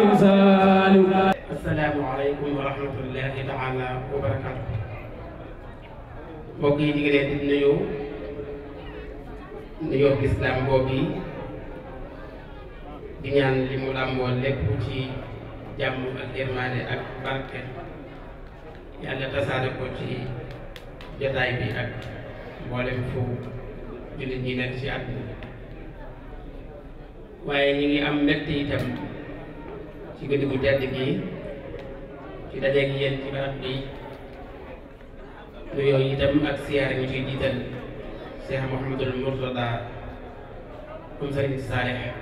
Serigne Saliou asalaamu aleykum wa rahmatullahi taala wa barakaatu mbokk yi ñu ngi leen di nuyu nuyoo lislaam boobu yi di ñaan li mu làmboo lépp ci jàmm ak yërmaande ak barke yàlla tasaare ko ci jotaay bi ak mboolem fu jullit ñi nekk ci at waaye ñu ngi am mbégte itam ci guddi gu tedd gi ci dajeeg yéen ci barab bi nuyoo itam ak siyaare ñu ciy jiital Cheikh Mouhamadul Mourtada um Saalix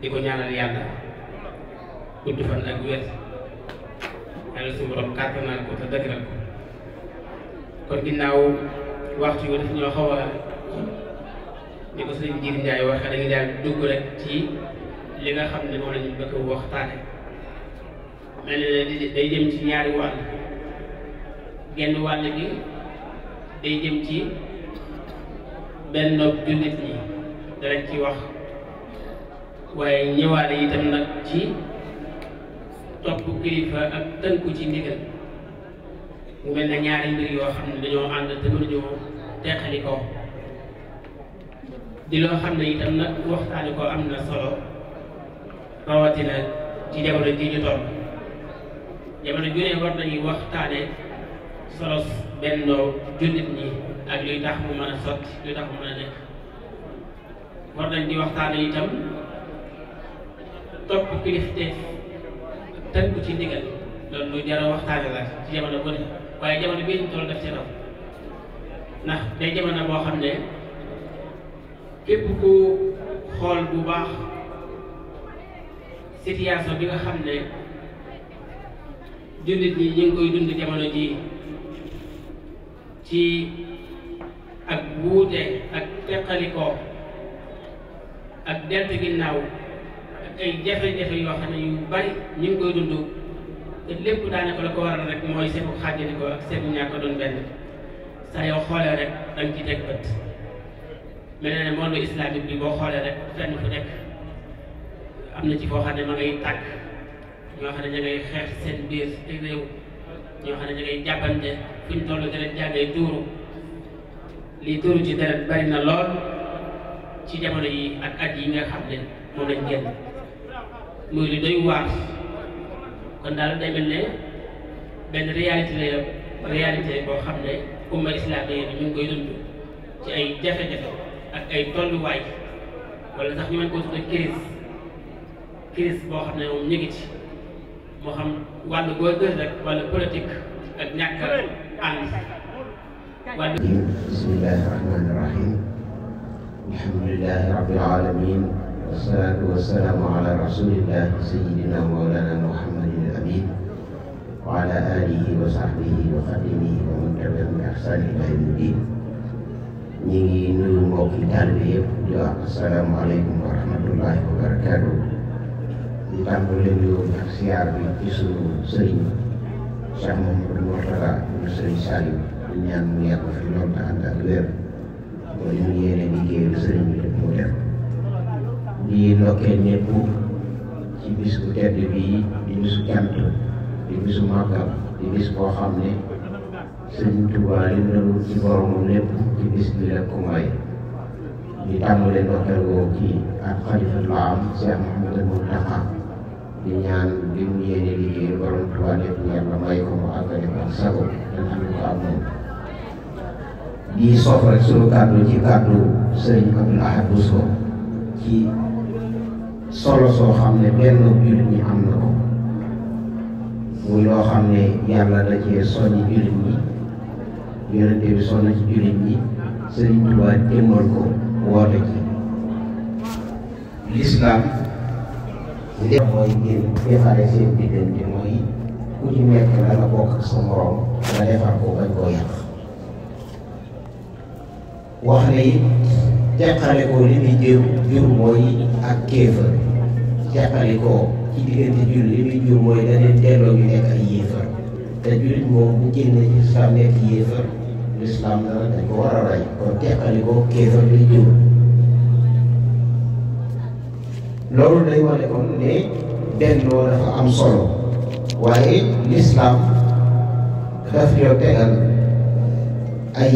di ko ñaanal yàlla gudd fan ak wér yàlla suñu borom kàttanal ko te dëgëral ko kon ginnaaw waxtu yu daf ñoo xaw a ni ko sëriñ Jiir Njaay waxee dañuy daal dugg rek ci li nga xam ne moom la bëgg waxtaane mel ni day jëm ci ñaari wàll genn wàll gi day jëm ci benn jullit ñi danañ ci wax waaye ñëwaale itam nag ci topp kilifa ak tënku ci ndigal mu mel na ñaari mbir yoo xam ne dañoo ànd te mënuñoo teqali ko di loo xam ne itam nag waxtaane ko am na solo rawatina ci jamono ji ñu toll jamono ju ne war nañuy waxtaane solos bennoo jullit ñi ak luy tax mu mën a sotti luy tax mu mën a nekk war nañ di waxtaane itam topp kilifteef tënku ci ndigal loolu lu jar waxtaane la ci jamono bu ne waaye jamono bii ñu toll def ci ndax day jamono boo xam ne képp ku xool bu baax situation bi nga xam ne jullit ñi ñu ngi koy dund jamono ji ci ak wuute ak teqalikoo ak delt ginnaaw ak ay jafe-jafe yoo xam ne yu bari ñu ngi koy dund te lépp daanaka la ko waral rek mooy seenu xàjjalikoo ak seenu ñàkk doon benn saa yoo xoolee rek danga ci teg bët mel na ne monde bi boo xoolee rek fenn fu nekk am na ci koo xam ne ma ngay tàgg ñoo xam ne ña xeex seen biir réew ñoo xam ne ña jàppante fu ñu toll deret jàngay tuuru lii tuuru ci deret bari na lool ci jamono yi ak at yi nga xam ne moom lañ génn muy lu doy waar kon daal day ne benn réalité la réalité boo xam ne umma islamique bi ñu ngi koy dund ci ay jafe-jafe ak ay tolluwaay wala sax ñu mën koo tudde crise crise boo xam ne moom ñu ngi ci moo xam wàllu góor góor rek wàllu politique ak ñàkk ànd wàllu bismillahi rahmani rahim alhamdulilahi rabbil alamin wasalaatu wasalaamu ala rasulillahi sayidina mawlana muhammadin amin wa ala alihi wa sahbihi wa xadimihi wa man tabiahum bi ihsani ila yawmi din ñu ngi nuyu mbokki taalibe yëpp di wax asalaamaaleykum wa rahmatullahi wa barakatuh di tàmbalee nuyoo bi ak siyaar bi ci sunu sëriñ Cheikh Mamadou Mourtada ñu sëriñ Saliou ñu ñaan mu yàgg fi loolu te ànd ak wér mooy ñu yéene liggéeyu sëriñ bi mu def di ndokkee di bisu cant di bisu màggal xam ne sëriñ Tuubaa li mu doon ci boromam lépp ci bis bi la ko may di tàmbalee ndokkeel woo ci ak xalifatul am Cheikh Mouhamadou Mourtada di ñaan li mu yéene liggéey borom Tuubaa lépp yàlla may ko mu àggale ko ak sago dañ xam ko ak moom di sof rek sunu kàddu ci kàddu sëriñ Abdul Ahad Bousso ci solo soo xam ne benn jullit ñi am na ko loo xam ne yàlla da cee soññi jullit ñi yonente bi sonn ci jullit ñi sëriñ Tuubaa démmal ko woote ci l'islam li mooy ngir defaree seen diggante ku ci nekk la nga bokk ak sa morom nga defar ko wax ne it teqale ko li muy jur jur mooy ak kéefër teqale ko ci diggante jur li muy jur mooy da leen delloo ñu nekk ay yéefar te jullit moom bu génn ci islam nekk yéefar l'islam dana dañ ko war a rey kon teqale ko kéefër li jur loolu day wane kon ne bennoo dafa am solo waaye lislaam daf ñoo tegal ay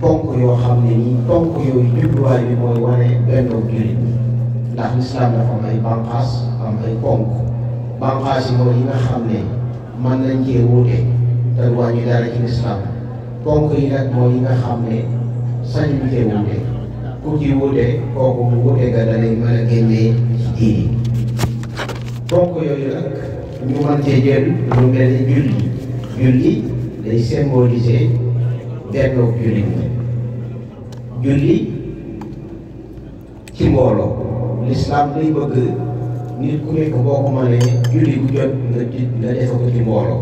ponk yoo xam ne nii ponk yooyu jubluwaay bi mooy wane bennoo jullit ñi ndax lislaam dafa am ay banqaas am ay ponk banqaas yi mooy yi nga xam ne mën nañ cee wuute te wàññi dara ci lislaam ponk yi nag mooy yi nga xam ne sañu cee wuute ku ci wuute kooku mu wuute ga danañ mën a génnee ci diini ponk yooyu nag ñu mën cee jël lu mel ni julli julli day symboliser bennoog julli julli ci mbooloo l'islam day bëgg nit ku nekk boo ko mënee julli bu jot nga nga defe ko ci mbooloo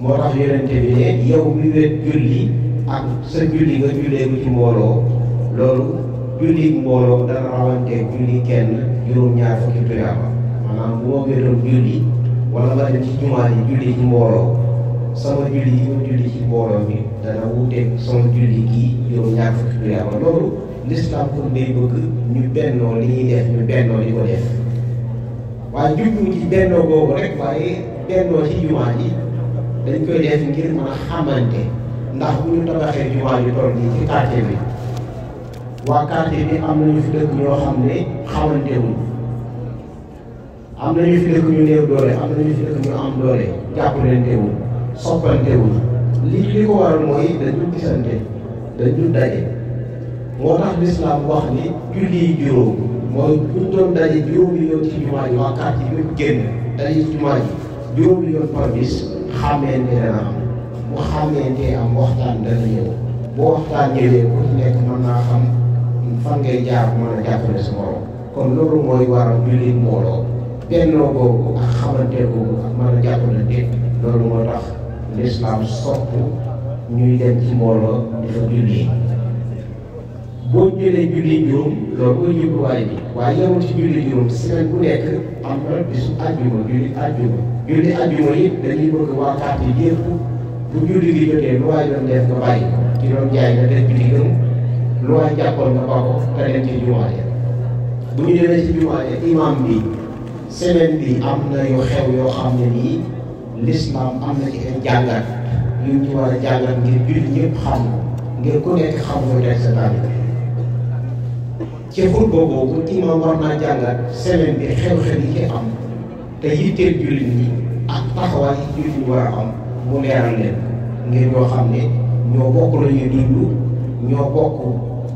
moo tax yonente bi ne yow mi wet julli ak sa julli nga jullee ko mbooloo loolu julli mbooloo dana rawante julli kenn juróom-ñaar fukki tuyaaba maanaam bu ma wéetoon julli wala ma yi julli ci mbooloo sama julli yi ma julli ci mbooloo mi dana wuuteeg sama julli kii juróom-ñaar fukki tuyaaba loolu l'islam ko def waaye jublu ci bennoo boobu rek waaye bennoo ci jumaa ji dañ koy def ngir mën a xamante ndax bu ñu tabaxee jumaa yu toll nii ci quartier bi waa quartier bi am nañu fi dëkk ñoo xam ne xamante wuñu am nañu fi dëkk ñu néew doole am nañu fi dëkk ñu am doole jàpp leen teewul li li ko waral mooy dañu gisante dañu daje moo tax lislaam wax ni julli juróom mooy buñ doon daje juróomi yoon ci waa quartier yi yëpp génn daje ci jumaa ji juróomi yoon par bis xàmmee ne dana bu xàmmeentee am waxtaan dana ñëw bu waxtaan ñëwee ku nekk mën naa xam fan ngay jaar mën a jàppale sa morom kon loolu mooy waral jullit mbooloo bennoo boobu ak xamante boobu ak mën a jàppale nit loolu moo tax lislaam sopp ñuy dem ci mbooloo di julli boo jëlee julli juróom loolu mooy jubluwaay bi waaye yemul ci julli juróom semaine bu julli àjjuma yi dañuy bëgg waa kàtt yëpp bu julli gi jotee lu waay doon def nga bàyyi ci doon jaay nga def bitigam lu waay jàppoon nga ba ko te dem ci jumaa ja bu ñu demee ci jumaa ja imaam bi semaine bi am na yu xew yoo xam ne nii lislaam am na ci ay jàngat yuñ ci war a jàngat ngir julli ñëpp xam ngir ku nekk xam nga teg sa tànk ci xutba boobu imaam war naa jàngat semaine bi xew-xew yi ci am te yitteel jullit ñi ak taxawaay yi jullit ñi war a am mu leeral leen ngir ñoo xam ne ñoo bokk lu ñuy ñoo bokk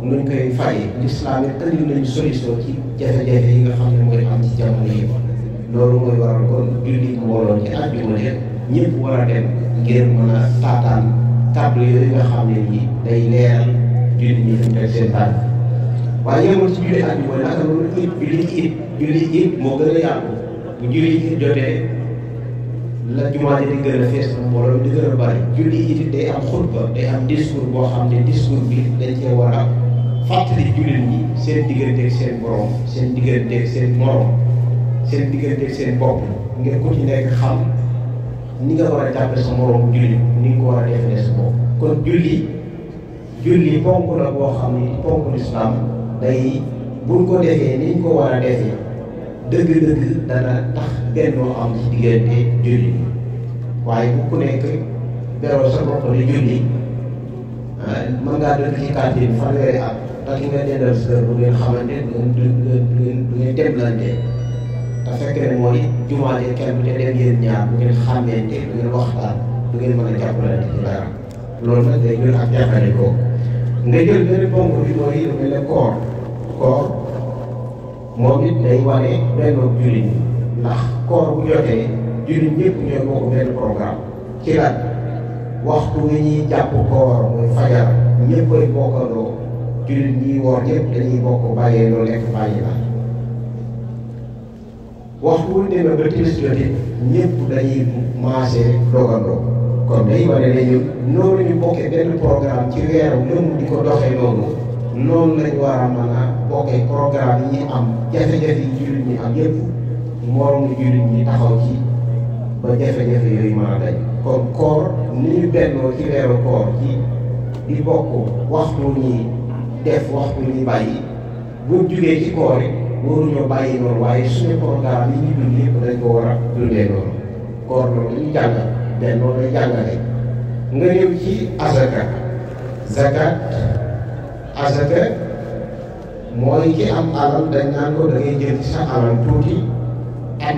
nuñ koy fayee lislaam it indi nañu solution ci jafe-jafe yi nga xam ne mooy am ci jamono yi loolu mooy waral kon julli mbooloo ci ne ñëpp war a dem ngir mën a taataan table yooyu nga xam ne nii day leeral julli ñi fi mu seen tànk waaye yemul ci julli àjjuma naka loolu it julli it julli it moo gën a yàgg bu julli it jotee la jumaa ji di gën a fees na mbooloo di gën a bari julli it day am xutba day am discours boo xam ne discours bi dañ cee war a fàttali jullit ñi seen digganteeg seen borom seen digganteeg seen morom seen digganteeg seen bopp ngir ku ci nekk xam ni nga war a jàppe sa morom julli ni nga ko war a defee sa bopp kon julli julli ponk la boo xam ne ponk lislaam day buñ ko defee ni ñu ko war a defee dëgg-dëgg dana tax bennoo am ci diggante julli waaye bu ku nekk beroo sa bopp di julli ah, mën ngaa dëkk nga dendal sa bu ngeen xamante du ngeen du ngeen demlante te fekk ne mooy jumaa kenn bu te dem yéen ñaar bu ngeen xàmmeente du ngeen waxtaan du ngeen mën a jàppalante ci dara loolu nag day jël ak jàppale ko nga jël benn ponk bi mooy lu mel ne koor koor moom it day wane benn jullit ndax koor bu jotee jullit ñëpp ñooy bokk benn programme ci lan waxtu wi ñuy jàpp koor muy fajar ñëpp ay bokkandoo jullit ñiy woor ñëpp dañuy bokk bàyyee loo lekk bàyyi la waxtu wu demee ba timis jot it ñëpp dañuy maase dogandoo kon day wane ne ñun noonu ñu bokkee benn programme ci weeru lëmm di ko doxee noonu noonu lañ war a mën a bokkee programme am jafe-jafe yi jullit ñi am yépp moromu jullit ñi taxaw ci ba jafe-jafe yooyu mën a kon koor ni ñu bennoo ci weeru koor ci di bokk waxtu ñi def waxtu ñi bàyyi bu jugee ci koor yi waruñoo bàyyi noonu waaye suñu programme yi ñu dund yëpp dañ ko war a dundee noonu koor loolu ñu jàngal bennoo lay jàngale nga ñëw ci azaka zakat asaka mooy ki am alal dañ naan ko da jël ci sa alal tuuti at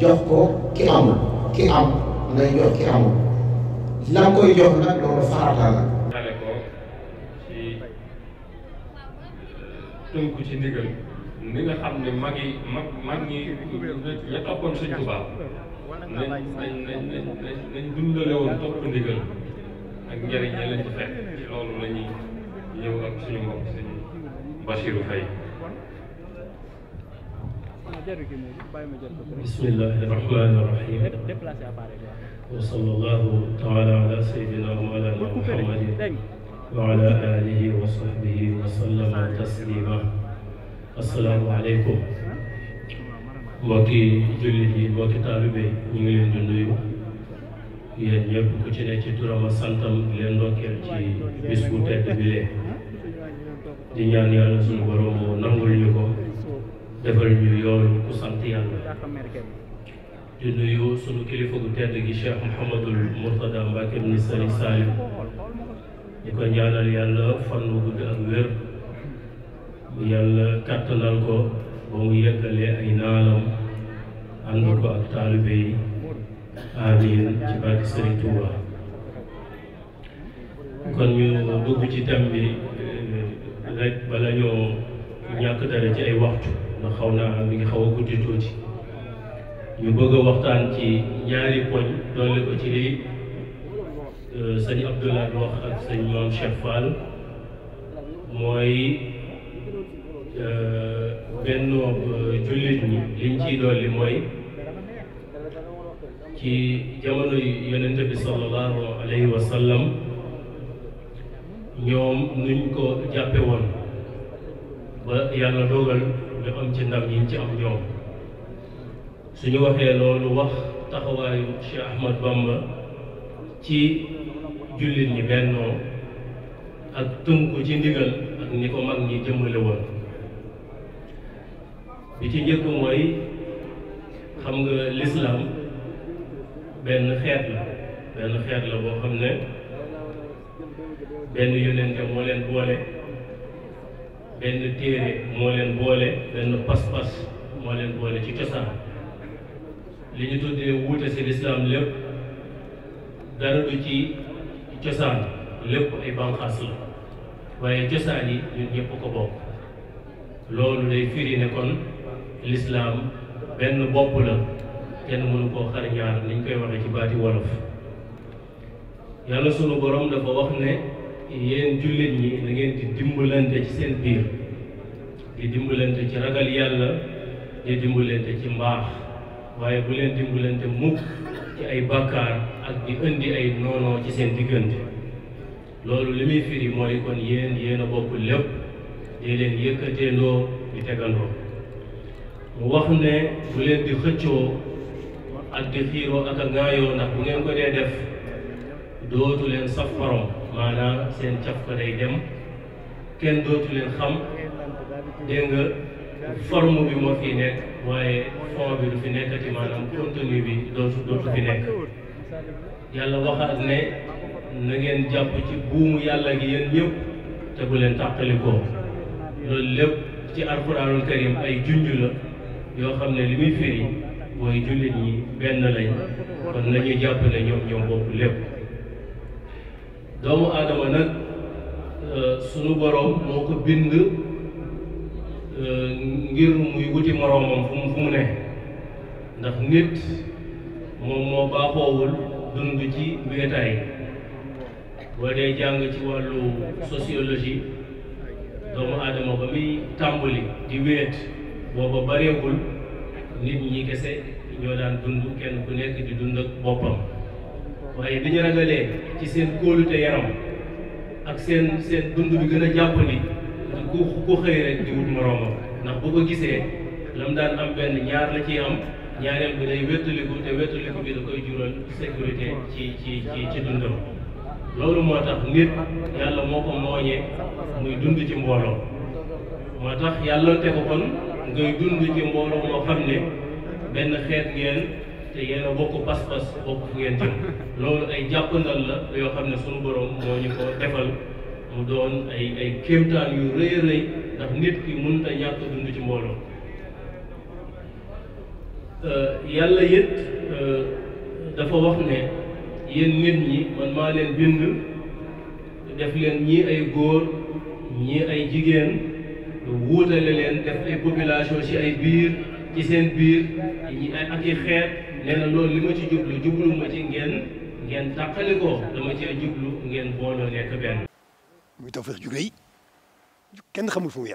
jox ko ki amul ki am ngay jox ki amul lan jox nag loolu farata la. xale ko ci tënku ci ndigal mi nga xam ne mag yi mag mag ñi toppoon Sëñ Tuubaa nañ nañ nañ nañ dundale woon topp ak njëriñ la fekk ci loolu la ñëw ak suñu mbokk sëñ Bachirou Faye bismillahi rahmani rahim wa sallallahu taala ala sayyidina wa mawlana muhammadin wa ala alihi wa sahbihi wa sallama taslima assalaamu aleykum mbokki jullit yi mbokki taalibe yi ñu ngi leen di nuyu yéen ñëpp ku ci ne ci turam a santam leen ci bis bu tedd bi di ñaan yàlla suñu borom moo ñu ko defal ñu yoonu ku sant yàlla di nuyu suñu kilifa gu tedd gi Cheikh Mouhamadul Mourtada Mbacke ibn Sëriñ Salim di ko ñaanal yàlla fan wu gudd ak wér yàlla kàttanal ko ba mu yeggalee ay naalam ànd ko ak taalibe yi amiin ah, ci barke Sëriñ Touba kon ñu dugg ci thème bi euh, rek bala ñoo ñàkk ci ay waxtu ndax xaw naa mi ngi xaw a guddi tuuti ñu bëgg a waxtaan ci ñaari poñ doole ko ci lii euh, sëñ Abdoulaye wax ak sëñ Mame Cheikh Fall mooy euh, benn jullit ñi liñ ciy dolli mooy. ci jamono yonente bi sallallahu alayhi wa sallam ñoom nuñ ko jàppe ba yàlla dogal ñu am ci ndam yiñ ci am ñoom suñu waxee loolu wax taxawaayu Cheikh Ahmad Bamba ci jullit ñi bennoo ak tënku ci ndigal ak ni ko mag ñi jëmmale bi ci njëkk mooy xam nga lislaam benn xeet la benn xeet la boo xam ne benn yonent moo leen boole benn téere moo leen boole benn pas-pas moo leen boole ci cosaan li ñu tuddee wuute si lislaam lépp dara du ci cosaan lépp ay banqaas la waaye cosaan yi ñun ñëpp ko bokk loolu day firi ne lislaam benn bopp la kenn mënu koo xar ñaar niñ koy waxee ci baati wolof yàlla sunu borom dafa wax ne yéen jullit ñi da ngeen di dimbalante ci seen biir di dimbalante ci ragal yàlla di dimbalante ci mbaax waaye bu leen dimbalante mukk ci ay bàkkaar ak di indi ay noonoo ci seen diggante loolu li muy firi mooy kon yéen yéen a bokk lépp dee leen yëkkateendoo di tegandoo mu wax ne bu leen di xëccoo ak di xiiroo ak a ŋaayoo ndax bu ngeen ko dee def dootu leen saf borom maanaam seen caf ko day dem kenn dootu leen xam dégg nga bi moo fi nekk waaye fond bi du fi nekkati maanaam contenu bi dootu fi nekk yàlla waxaat ne na jàpp ci buumu yàlla gi yéen ñëpp te bu leen tàqalikoo loolu lépp ci alxuraanul karim ay junj la yoo xam ne li muy firi mooy jullit ñi benn lañ kon nañu jàpp ne ñoom ñoom bokk lépp doomu aadama nag euh, sunu boroom moo ko bind euh, ngir muy wuti moroomam fu mu fu mu ne ndax nit moom moo baaxoowul dund ci wéetaay boo dee jàng ci wàllu sociologie doomu aadama ba muy tàmbali di wéet booba bareegul nit ñi kese ñoo daan dund kenn ku nekk di dund ak boppam waaye bi ñu ragalee ci seen kóolute yaram ak seen seen dund bi gën a jàpp ni ku ku xëy rek di wut moroomam ndax bu ko gisee lam daan am benn ñaar la ci am ñaareel bi day wettaliku te wettaliku bi da koy jural sécurité ci ci ci ci dundam loolu moo tax nit yàlla moo ko mooñee muy dund ci mbooloo moo tax yàlla te ko kon ngay dund ci mbooloo moo xam ne benn xeet ngeen te yéen bokk pas-pas bokk fu ngeen jëm loolu ay jàppandal la yoo xam ne suma borom moo ñu ko defal mu doon ay kéemtaan yu rëy rëy ndax nit ki mun a ñàkk dund ci mbooloo euh, yàlla it euh, dafa wax ne yéen nit ñi man maa leen bind def leen ñii ay góor ñii ay jigéen wuutale leen def ay population ci ay biir ci seen biir ak i xeet nee na loolu li ma ci jublu jublu ma ci ngeen ngeen tàqali ko dama ci jublu ngeen booloo nekk benn. muy Tawfekh jugee yi kenn xamul fu mu